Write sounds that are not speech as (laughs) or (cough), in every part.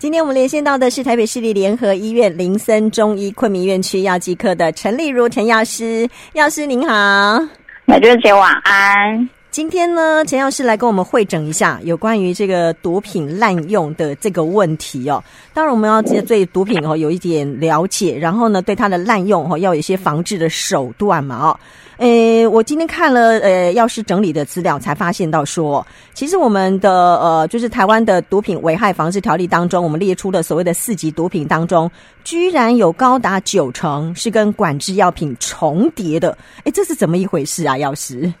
今天我們連線到的是台北市立聯合醫院林森中醫昆明院區藥劑科的陳麗如陳藥師，藥師您好，美娟姐晚安。今天呢，陳藥師來跟我們會診一下有關於這個毒品濫用的這個問題哦。當然，我們要對毒品哦有一點了解，然後呢，對它的濫用哦要有一些防治的手段嘛哦。誒，我今天看了呃藥師整理的資料，才發現到說，其實我們的呃，就是台灣的毒品危害防制條例當中，我們列出的所謂的四級毒品當中，居然有高達九成是跟管制藥品重疊的。哎，這是怎麼一回事啊，藥師？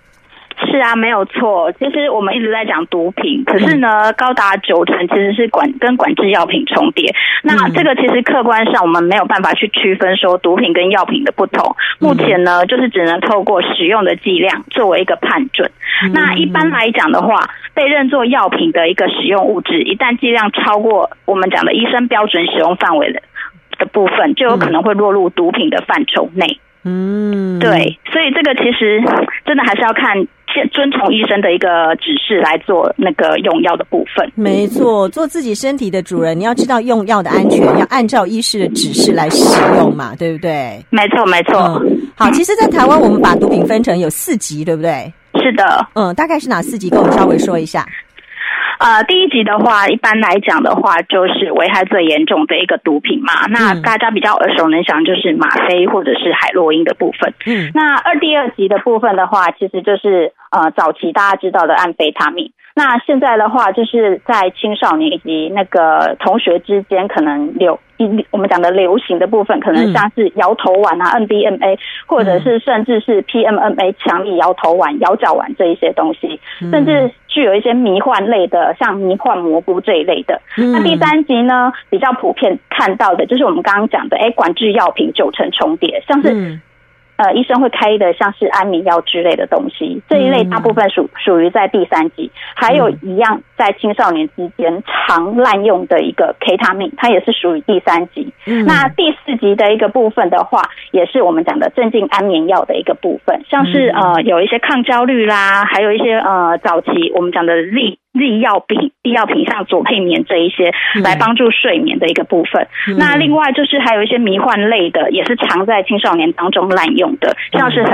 是啊，沒有錯。其實我們一直在講毒品，可是呢，嗯、高達九成其實是管跟管制藥品重疊。那這個其實客觀上我們沒有辦法去區分說毒品跟藥品的不同。目前呢，嗯、就是只能透過使用的劑量作為一個判準。那一般來講的話，嗯嗯被認作藥品的一個使用物質，一旦劑量超過我們講的醫生標準使用範圍的的部分，就有可能會落入毒品的範疇內。嗯，嗯，對。所以這個其實真的還是要看。先遵從醫生的一個指示，來做那個用藥的部分，沒錯。做自己身體的主人，你要知道用藥的安全，要按照醫師的指示來使用嘛，對不對？沒錯，沒錯。嗯、好，其實，在台灣，我們把毒品分成有四級，對不對？是的，嗯，大概是哪四級？跟我們稍微說一下。呃，第一級的話，一般來講的話，就是危害最嚴重的一個毒品嘛。嗯、那大家比較耳熟能詳就是嗎啡或者是海洛因的部分。嗯，那二第二級的部分的話，其實就是呃，早期大家知道的安非他命。那現在的話，就是在青少年以及那個同學之間，可能流一我們講的流行的部分，可能像是搖頭丸啊、MDMA，或者是甚至是 PMMA 強力搖頭丸、搖腳丸這一些東西，甚至具有一些迷幻類的，像迷幻蘑菇這一類的。那第三級呢，比較普遍看到的就是我們剛剛講的，哎，管制藥品九成重疊，像是。呃，醫生會開的像是安眠藥之類的東西，這一類大部分屬屬於在第三級。還有一樣在青少年之間常濫用的一個 Ketamine，它也是屬於第三級。嗯、那第四級的一個部分的話，也是我們講的鎮靜安眠藥的一個部分，像是呃有一些抗焦慮啦，還有一些呃早期我們講的利、利藥品、利藥品像佐沛眠這一些、嗯、來幫助睡眠的一個部分。嗯、那另外就是還有一些迷幻類的，也是常在青少年當中濫用的，嗯、像是很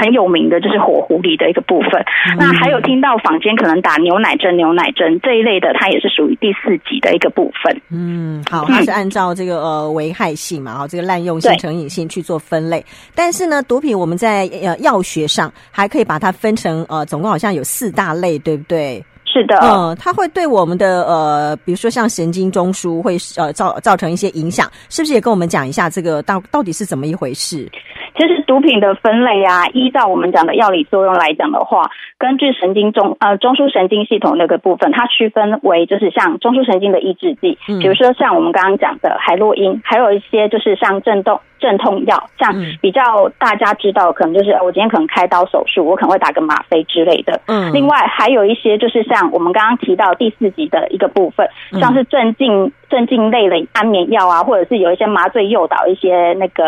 很有名的就是火狐狸的一個部分。嗯、那還有聽到坊間可能打牛奶針、牛奶針這一類的，它也是屬於第四級的一個部分。嗯，好，它是按照這個呃危害性嘛，哈、嗯，這個濫用性、成癮性去做分類。對但是呢，毒品我們在呃藥學上還可以把它分成呃總共好像有四大類，對不對？是的，嗯，它會對我們的呃，比如說像神經中樞會呃造造成一些影響，是不是也跟我們講一下這個到到底是怎麼一回事？就是。毒品的分類啊，依照我們講的藥理作用來講的話，根據神經中呃中樞神經系統那個部分，它區分為就是像中樞神經的抑制劑，比如說像我們剛剛講的海洛因，還有一些就是像鎮動鎮痛藥，像比較大家知道，可能就是我今天可能開刀手術，我可能會打個嗎啡之類的。嗯，另外還有一些就是像我們剛剛提到第四級的一個部分，像是鎮靜鎮靜類的安眠藥啊，或者是有一些麻醉誘導一些那個。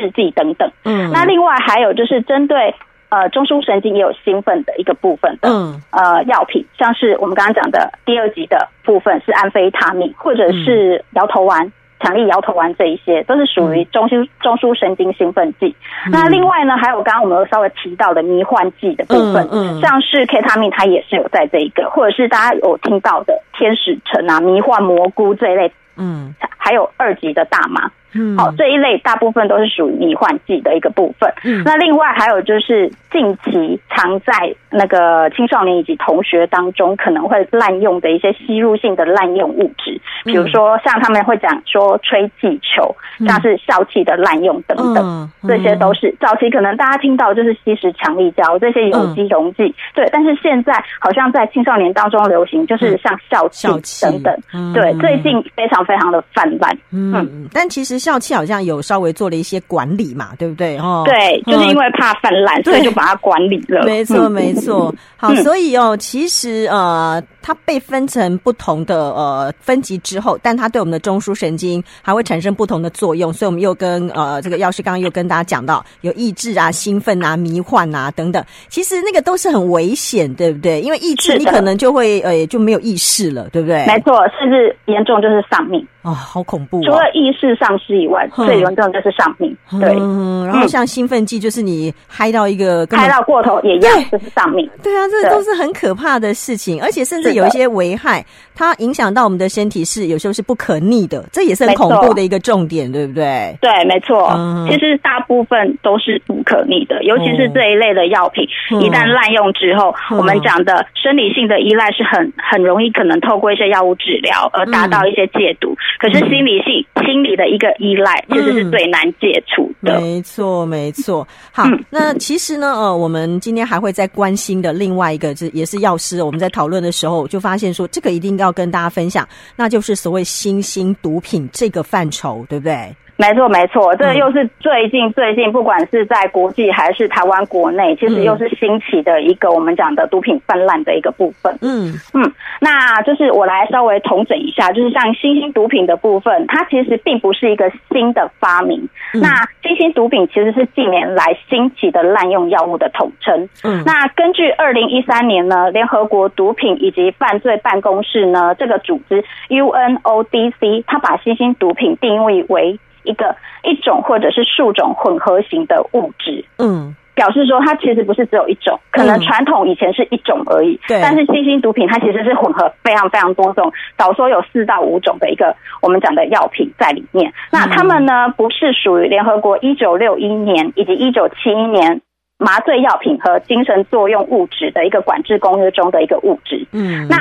製劑等等，嗯，那另外還有就是針對呃中樞神經也有興奮的一個部分的，嗯，呃藥品，像是我們剛剛講的第二級的部分是安非他命或者是搖頭丸、嗯、強力搖頭丸這一些，都是屬於中樞、嗯、中樞神經興奮劑。嗯、那另外呢，還有剛剛我們稍微提到的迷幻劑的部分，嗯，嗯像是 k 他命它也是有在這一個，或者是大家有聽到的天使塵啊、迷幻蘑菇這一類，嗯，還有二級的大麻。好、嗯哦，這一類大部分都是屬於迷幻劑的一個部分。嗯、那另外還有就是近期常在那個青少年以及同學當中可能會濫用的一些吸入性的濫用物質，嗯、比如說像他們會講說吹氣球，嗯、像是笑氣的濫用等等，嗯嗯、這些都是早期可能大家聽到就是吸食強力膠這些有機溶劑，嗯、對，但是現在好像在青少年當中流行，就是像笑氣等等，嗯嗯、對，最近非常非常的泛濫。嗯，嗯但其實。笑氣好像有稍微做了一些管理嘛，對不對？哈、哦，對，就是因為怕泛濫，呃、所以就把它管理了。沒錯，沒錯。 (laughs) 好，所以哦，其實呃。它被分成不同的呃分級之後，但它對我們的中樞神經還會產生不同的作用，所以我們又跟呃這個藥師剛剛又跟大家講到有抑制啊、興奮啊、迷幻啊等等。其實那個都是很危險，對不對？因為抑制你可能就會的呃就沒有意識了，對不對？沒錯，甚至嚴重就是喪命啊、哦，好恐怖、哦！除了意識喪失以外，呵最嚴重就是喪命。對、嗯，然後像興奮劑就是你嗨到一個嗨到過頭也，也一樣就是喪命。對，對啊，這都是很可怕的事情，而且甚至。有一些危害，它影響到我們的身體是有時候是不可逆的，這也是很恐怖的一個重點，沒錯，對不對？對，沒錯。嗯、其實大部分都是不可逆的，尤其是這一類的藥品，哦、一旦濫用之後，嗯、我們講的生理性的依賴是很很容易可能透過一些藥物治療而達到一些戒毒，嗯、可是心理性、嗯、心理的一個依賴其實是最難戒除的、嗯。沒錯，沒錯。好，嗯、那其實呢，呃，我們今天還會再關心的另外一個，就也是藥師，我們在討論的時候。我就發現說，這個一定要跟大家分享，那就是所謂新興毒品這個範疇，對不對？沒錯，沒錯，這又是最近最近，不管是在國際還是台灣國內，其實又是興起的一個、嗯、我們講的毒品泛濫的一個部分。嗯嗯，那就是我來稍微統整一下，就是像新興毒品的部分，它其實並不是一個新的發明。嗯、那新興毒品其實是近年來興起的濫用藥物的統稱。嗯，那根據二零一三年呢，聯合國毒品以及犯罪辦公室呢，這個組織 UNODC，它把新興毒品定義為一個一種或者是數種混合型的物質，嗯，表示說它其實不是只有一種，可能傳統以前是一種而已，嗯、但是新興毒品它其實是混合非常非常多種，早說有四到五種的一個我們講的藥品在裡面。嗯、那它們呢，不是屬於聯合國一九六一年以及一九七一年麻醉藥品和精神作用物質的一個管制公約中的一個物質，嗯。那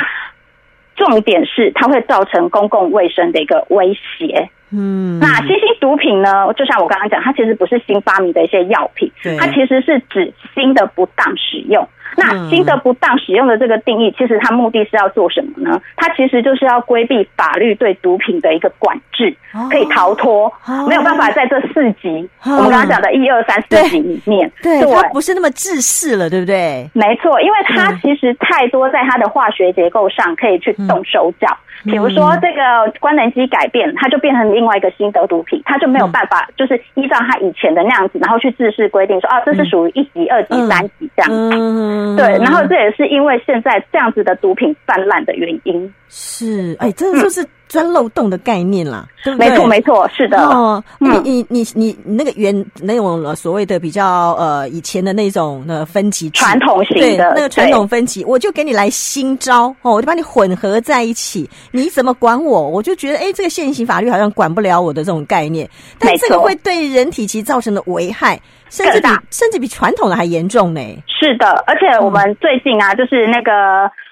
重點是它會造成公共衛生的一個威脅。嗯，那新興毒品呢？就像我剛剛講，它其實不是新發明的一些藥品，它其實是指新的不當使用。那新興，不當使用的這個定義，其實它目的是要做什麼呢？它其實就是要規避法律對毒品的一個管制，可以逃脫，哦、沒有辦法在這四級、哦、我們剛剛講的一二三四級裡面，對就對對不是那麼制式了，對不對？沒錯，因為它其實太多在它的化學結構上可以去動手腳，嗯、比如說這個官能基改變，它就變成另外一個新興毒品，它就沒有辦法就是依照它以前的那樣子，然後去制式規定說啊，這是屬於一級、嗯、二級、三級這樣子、嗯。嗯.對，然後這也是因為現在這樣子的毒品泛濫的原因。是，哎、欸，這就是，是、嗯。鑽漏洞的概念啦，對對沒錯，沒錯，是的。哦，嗯、你你你你那個原那種所謂的比較呃以前的那種的分級，級傳統型的，對那個傳統分級，對我就給你來新招哦，我就把你混合在一起，你怎麼管我？我就覺得誒，這個現行法律好像管不了我的這種概念。但這個會對人體其實造成的危害，甚至比的甚至比傳統的還嚴重呢。是的，而且我們最近啊，嗯、就是那個。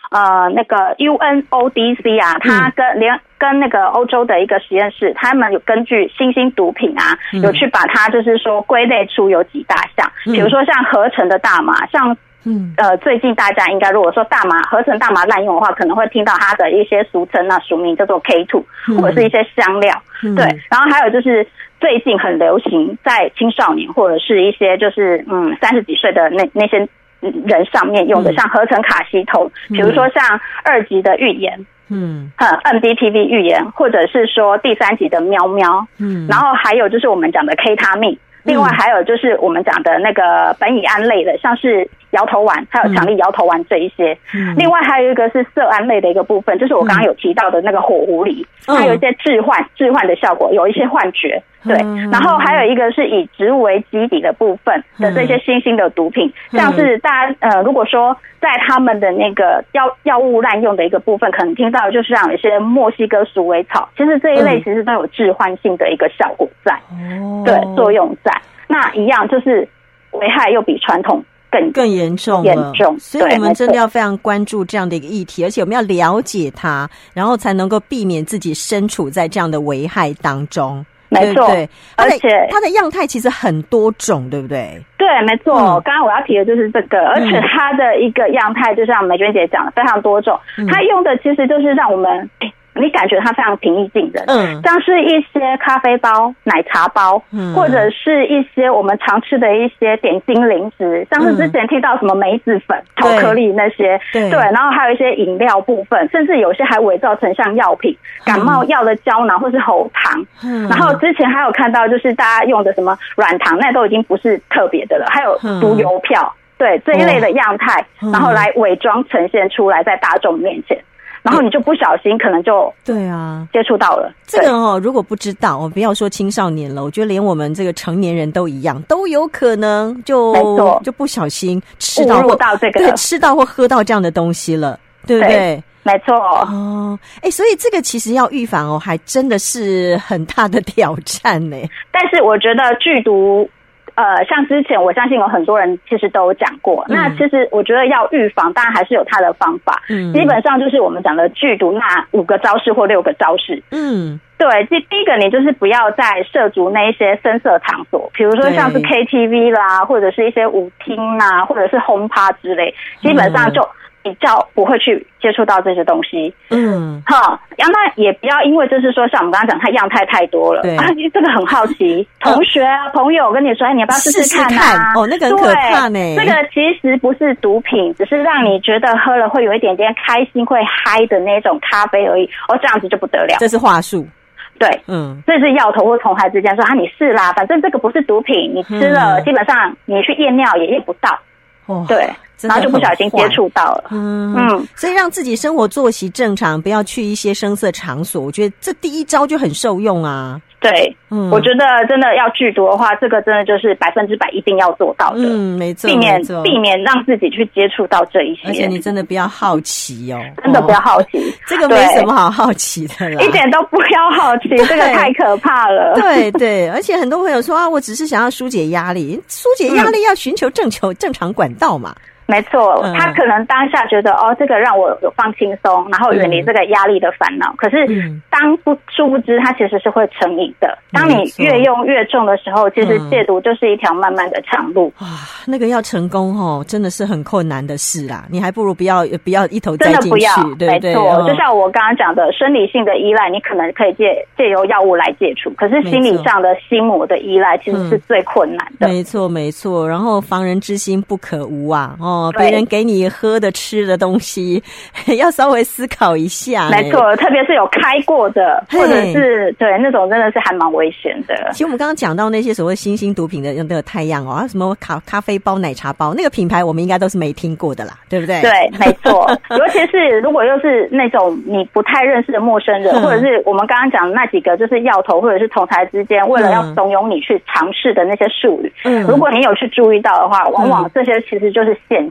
呃，那個 UNODC 啊，他跟連、嗯、跟那個歐洲的一個實驗室，他們有根據新興毒品啊，有、嗯、去把它就是說歸類出有幾大項，嗯、比如說像合成的大麻，像嗯呃，最近大家應該如果說大麻合成大麻濫用的話，可能會聽到它的一些俗稱，那俗名叫做 K2 或者是一些香料，嗯、對，然後還有就是最近很流行在青少年或者是一些就是嗯三十幾歲的那那些。人上面用的，像合成卡西酮，比如說，嗯，像二級的預言，嗯，嗯，MDPV 預言，或者是說第三級的喵喵，嗯，然後還有就是我們講的 K 他命，另外還有就是我們講的那個苯乙胺類的，像是。搖頭丸，還有強力搖頭丸這一些，嗯、另外還有一個是色胺類的一個部分，就是我剛剛有提到的那個火狐狸，它、嗯、有一些致幻、致幻的效果，有一些幻覺。對，嗯、然後還有一個是以植物為基底的部分的這些新興的毒品，嗯、像是大家呃，如果說在他們的那個藥藥物濫用的一個部分，可能聽到的就是像一些墨西哥鼠尾草，其實這一類其實都有致幻性的一個效果在，嗯、對，作用在那一樣就是危害又比傳統。更更嚴重了，更嚴重，所以我們真的要非常關注這樣的一個議題，而且我們要了解它，然後才能夠避免自己身處在這樣的危害當中。沒錯錯，對對對，而且它的樣態其實很多種，對不對？對，沒錯。剛剛、嗯、我要提的就是這個，而且它的一個樣態，就像梅娟姐講的，非常多種。嗯、它用的其實就是讓我們。欸你感覺它非常平易近人，嗯，像是一些咖啡包、奶茶包，嗯，或者是一些我們常吃的一些點心零食，像是之前聽到什麼梅子粉、嗯、巧克力那些，對，對，對，然後還有一些飲料部分，甚至有些還偽造成像藥品，嗯、感冒藥的膠囊或是喉糖，嗯，然後之前還有看到就是大家用的什麼軟糖，那都已經不是特別的了，還有毒郵票，嗯、對這一類的樣態，嗯、然後來偽裝呈現出來在大眾面前。然後你就不小心，可能就對啊，接觸到了、啊、對這個哦。如果不知道，我、哦、不要說青少年了，我覺得連我們這個成年人都一樣，都有可能就錯就不小心吃到或到這個對，吃到或喝到這樣的東西了，對不對？對沒錯哦，哎、哦，所以這個其實要預防哦，還真的是很大的挑戰呢。但是我覺得劇毒。呃，像之前我相信有很多人其實都有講過，嗯、那其實我覺得要預防，當然還是有它的方法。嗯，基本上就是我們講的劇毒那五個招式或六個招式。嗯，對，這第一個你就是不要再涉足那一些聲色場所，比如說像是 KTV 啦，對或者是一些舞廳吶，或者是轟趴之類，基本上就。嗯比較不會去接觸到這些東西，嗯，好，另外也不要因為就是說，像我們剛剛講，它樣態太多了，對，啊，這個很好奇，同學、呃、朋友，我跟你說，哎，你要不要試試看啊試試看？哦，那個可怕、欸、對，這個其實不是毒品，只是讓你覺得喝了會有一點點開心，會嗨的那種咖啡而已。哦，這樣子就不得了，這是話術，對，嗯，這是藥頭或同孩之間講說啊，你試啦，反正這個不是毒品，你吃了、嗯、基本上你去驗尿也驗不到，哦，對。然後就不小心接觸到了，嗯，所以讓自己生活作息正常，不要去一些聲色場所，我覺得這第一招就很受用啊。對，我覺得真的要劇毒的話，這個真的就是百分之百一定要做到的，嗯，沒錯，避免避免讓自己去接觸到這一些。而且你真的不要好奇哦，真的不要好奇，這個沒什麼好好奇的啦，一點都不要好奇，這個太可怕了。對對，而且很多朋友說啊，我只是想要紓解壓力，紓解壓力要尋求正求正常管道嘛。沒錯，他可能當下覺得、嗯、哦，這個讓我有放輕鬆，然後遠離這個壓力的煩惱。嗯、可是當不殊不知，他其實是會成癮的。嗯、當你越用越重的時候，嗯、其實戒毒就是一條慢慢的長路。哇、啊，那個要成功哦，真的是很困難的事啊！你還不如不要不要一頭栽進去，真的不要，對不對？沒錯。哦、就像我剛剛講的，生理性的依賴，你可能可以借借由藥物來解除。可是心理上的心魔的依賴，其實是最困難的、嗯。沒錯，沒錯。然後防人之心不可無啊！哦。哦，別人給你喝的、吃的東西，對 (laughs) 要稍微思考一下、欸。沒錯，特別是有開過的，嘿或者是對那種真的是還蠻危險的。其實我們剛剛講到那些所謂新興毒品的，用那個態樣哦、啊，什麼咖咖啡包、奶茶包，那個品牌我們應該都是沒聽過的啦，對不對？對，沒錯。 (laughs) 尤其是如果又是那種你不太認識的陌生人，嗯、或者是我們剛剛講的那幾個，就是藥頭或者是同台之間為了要慫恿你去嘗試的那些術語，嗯，如果你有去注意到的話，往往這些其實就是現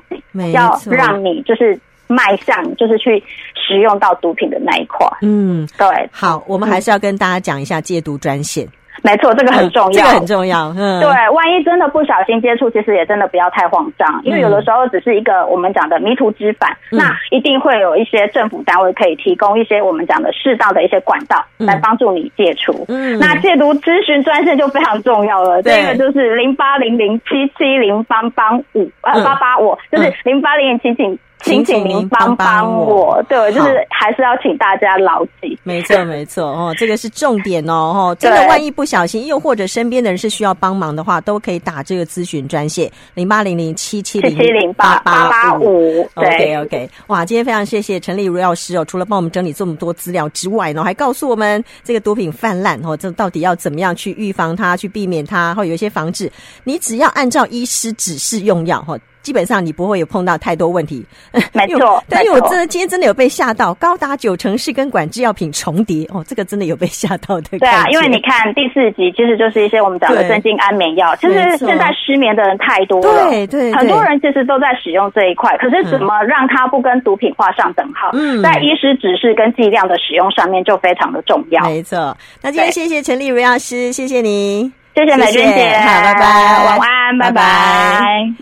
要讓你就是邁向，就是去使用到毒品的那一塊。嗯，對。好，我們還是要跟大家講一下戒毒專線。嗯沒錯，這個很重要，嗯、這個很重要。嗯，對，萬一真的不小心接觸，其實也真的不要太慌張，因為有的時候只是一個我們講的迷途知返，嗯、那一定會有一些政府單位可以提供一些我們講的適當的一些管道來幫助你戒除。嗯，那戒毒諮詢專線就非常重要了，嗯、這個就是零八零零七七零八八五呃，八八五就是零八零零七七請請您幫幫我，好對我就是還是要請大家牢記，沒錯沒錯哦，這個是重點哦，吼、 (laughs) 哦，真的萬一不小心，又或者身邊的人是需要幫忙的話，都可以打這個諮詢專線零八零零七七零8 8八八八五，o k OK，哇，今天非常謝謝陳麗如藥師哦，除了幫我們整理這麼多資料之外呢，還告訴我們這個毒品泛濫哦，這到底要怎麼樣去預防它，去避免它，或、哦、有一些防治，你只要按照醫師指示用藥哈。哦基本上你不會有碰到太多問題，沒錯。但是我真的今天真的有被嚇到，高達九成是跟管制藥品重疊哦，這個真的有被嚇到。對，對啊，因為你看第四級其實就是一些我們講的鎮靜安眠藥，其實現在失眠的人太多了，對，很多人其實都在使用這一塊。可是怎麼讓它不跟毒品畫上等號？嗯，在醫師指示跟劑量的使用上面就非常的重要。沒錯。那今天謝謝陳麗如藥師，謝謝你，謝謝美娟姐，好，拜拜，晚安，拜拜。